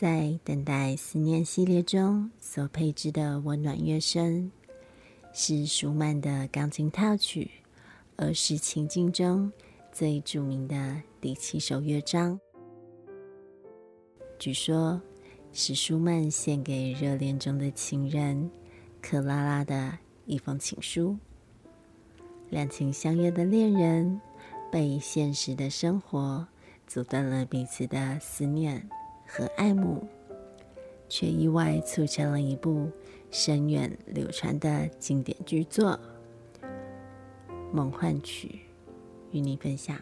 在等待思念系列中所配置的溫暖樂聲，是舒曼的鋼琴套曲《兒時情境》中最著名的第七首樂章。據說，是舒曼獻給熱戀中的情人克拉拉的一封情書。兩情相悅的戀人，被現實的生活阻斷了彼此的思念。和愛慕，卻意外促成了一部深遠流傳的經典巨作《夢幻曲》，與你分享。